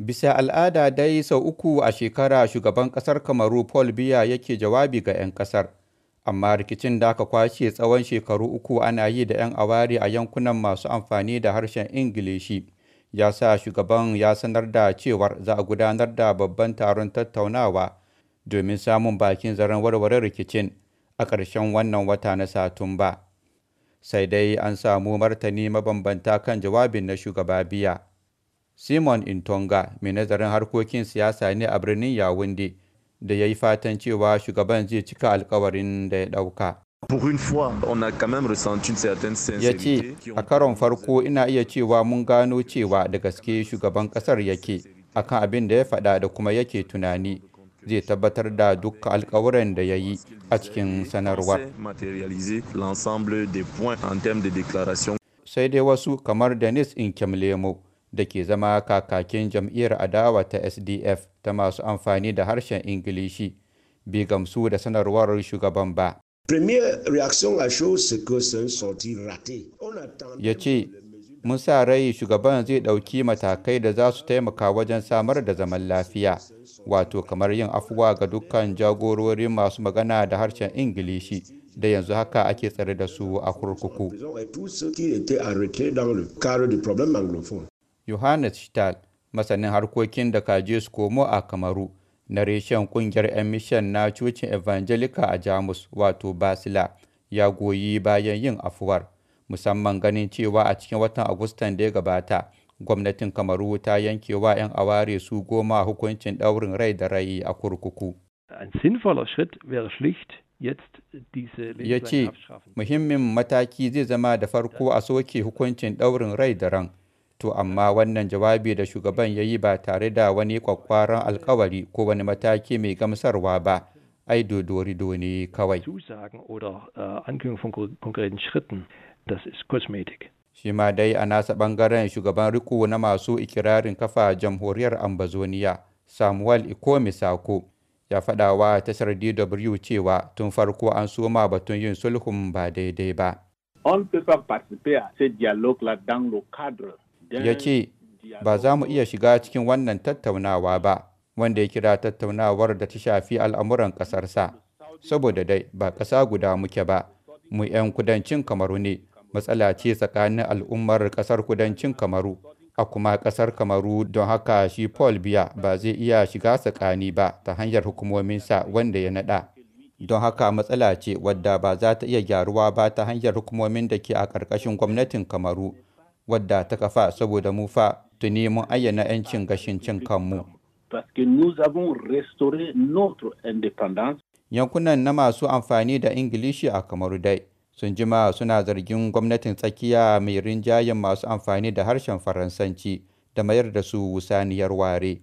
Bisa al'ada dai sau uku a shekara shugaban ƙasar Kamaru Paul Biya yake jawabi ga 'yan ƙasar. Amma rikicin da aka kwashe tsawon shekaru uku ana yi da 'yan awari a yankunan masu amfani da harshen Ingilishi. Ya sa shugaban ya sanar da cewar za a gudanar da babban taron tattaunawa domin samun bakin zaren warware rikicin a ƙarshen wannan wata na Satumba. Sai dai an samu martani mabambanta kan jawabin na shugaba biya. simon intonga mai nazarin harkokin siyasa ne a birnin yawunde da ya yi fatan cewa shugaban zai cika alkawarin da ya ɗauka Ya ce, a karon farko ina iya cewa mun gano cewa da gaske shugaban kasar yake akan abin da ya faɗa da kuma yake tunani zai tabbatar da duk alkawuran da ya yi a cikin sanarwar. Sai dai wasu kamar Denis Inkem Lemo da ke zama kakakin jam'iyyar adawa ta SDF ta masu amfani da harshen Ingilishi bai gamsu da sanarwar shugaban ba. Ya ce, Mun sa rai shugaban zai ɗauki matakai da za su taimaka wajen samar da zaman lafiya, wato kamar yin afuwa ga dukkan jagororin masu magana da harshen Ingilishi da yanzu haka ake tsare da su a kurkuku. Yohannes Shtal, masanin harkokin da kaje su komo a Kamaru, na reshen kungiyar 'yan mishan na cocin Evangelica a Jamus wato Basila ya goyi bayan yin afuwar, musamman ganin cewa a cikin watan Agustan da ya gabata, gwamnatin Kamaru ta yankewa 'yan aware su goma hukuncin ɗaurin rai da rai a kurkuku. Ya ce, muhimmin mataki zai zama da farko a soke hukuncin ɗaurin rai da ran. To amma wannan jawabi da shugaban ya yi ba tare da wani kwakwaran alkawari ko wani mataki mai gamsarwa ba, ai dodorido ne kawai. Äh, Shi ma dai a nasa ɓangaren shugaban riko na masu ikirarin kafa jamhuriyar ambazonia Samuel Ikomi Sako, ya faɗa wa tashar DW cewa tun farko an soma batun yin sulhun ba daidai ba. On ne participer à ce dialogue-là dans cadre ya ce ba za mu iya shiga cikin wannan tattaunawa ba wanda ya kira tattaunawar da ta shafi al'amuran ƙasarsa saboda dai ba ƙasa guda muke ba mu 'yan kudancin kamaru ne matsala ce tsakanin al'ummar ƙasar kudancin kamaru a kuma ƙasar kamaru don haka shi paul biya ba zai iya shiga tsakani ba ta hanyar hukumominsa wanda ya naɗa don haka matsala ce wadda ba za ta iya gyaruwa ba ta hanyar hukumomin da ke a ƙarƙashin gwamnatin kamaru wadda ta kafa saboda mu fa tuni mun ayyana 'yancin gashin cin kanmu. Yankunan na masu amfani da Ingilishi a Kamaru dai sun jima suna zargin gwamnatin tsakiya mai rinjayen masu amfani da harshen Faransanci da mayar da su wusaniyar ware.